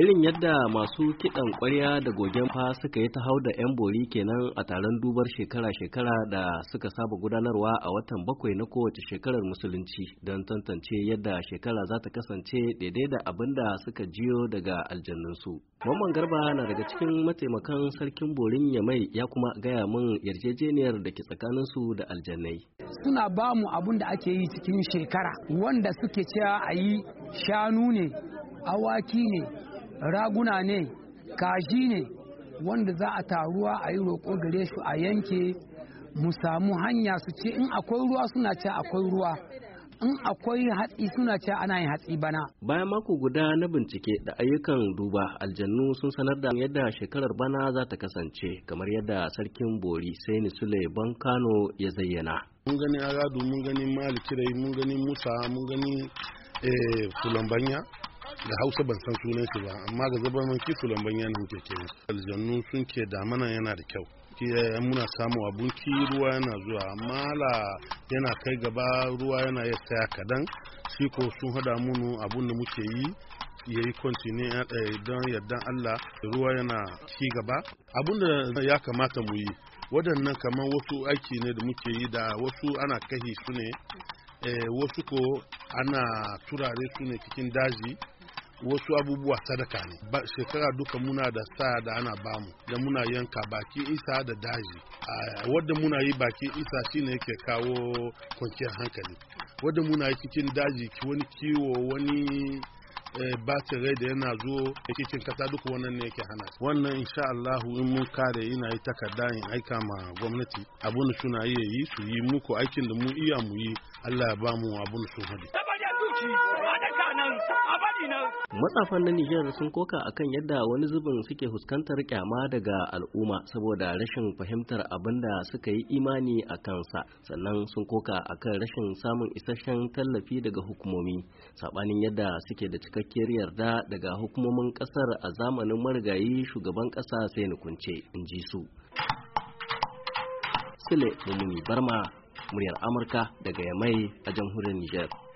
irin yadda masu kiɗan ƙwarya da gogen fa suka yi ta hau da 'yan bori kenan a taron dubar shekara-shekara da suka saba gudanarwa a watan bakwai na kowace shekarar musulunci don tantance yadda shekara za ta kasance daidai da abin da suka jiyo daga aljannunsu. Mamman Garba na daga cikin mataimakan sarkin borin Yamai ya kuma gaya min yarjejeniyar da ke tsakaninsu da aljannai. Suna ba mu abin da ake yi cikin shekara wanda suke cewa a yi shanu ne, awaki ne, raguna ne kashi ne wanda za a taruwa a yi roƙo gare su a yanke mu samu hanya su ce in akwai ruwa suna ce akwai ruwa in akwai hatsi suna ce ana yin hatsi bana. Bayan mako guda na bincike da ayyukan duba aljannu sun sanar da yadda shekarar bana za ta kasance kamar yadda sarkin bori sai sule ban kano ya zayyana. Mun gani aradu mun gani malikirai mun gani musa mun gani eh, fulambanya da hausa ban san sunan shi ba amma ga zaban kisu lamban yana ke aljannu sun ke damana yana da kyau muna samu abun ki ruwa yana zuwa amma la yana kai gaba ruwa yana ya saya kadan shi ko sun hada munu abun da muke yi ya yi kwanci eh, eh, don yardan Allah ruwa yana ci gaba abun da ya kamata mu yi waɗannan kamar wasu aiki ne da muke yi da wasu ana kahi su ne eh, wasu ko ana turare su ne cikin daji wasu abubuwa sadaka ne ba shekara duka muna da sa da ana bamu da muna yanka baki isa da daji wadda muna yi baki isa shine yake kawo kwanciyar hankali wadda muna yi cikin daji wani kiwo wani eh, bacin rai da yana zo cikin kasa duk wannan ne yake hana wannan insha Allah in mun kare ina yi takarda in aika ma gwamnati abun su iya yi su yi muku aikin da mu iya mu yi Allah ya ba mu abun su hadu Matsafan na Nijar sun koka akan yadda wani zubin suke fuskantar kyama daga al'umma saboda rashin fahimtar abin da suka yi imani a kansa sannan sun koka akan rashin samun isasshen tallafi daga hukumomi sabanin yadda suke da cikakkiyar yarda daga hukumomin kasar a zamanin marigayi shugaban kasa sai nukunce in ji su. Sule Mumuni Barma muryar Amurka daga Yamai a jamhuriyar Nijar.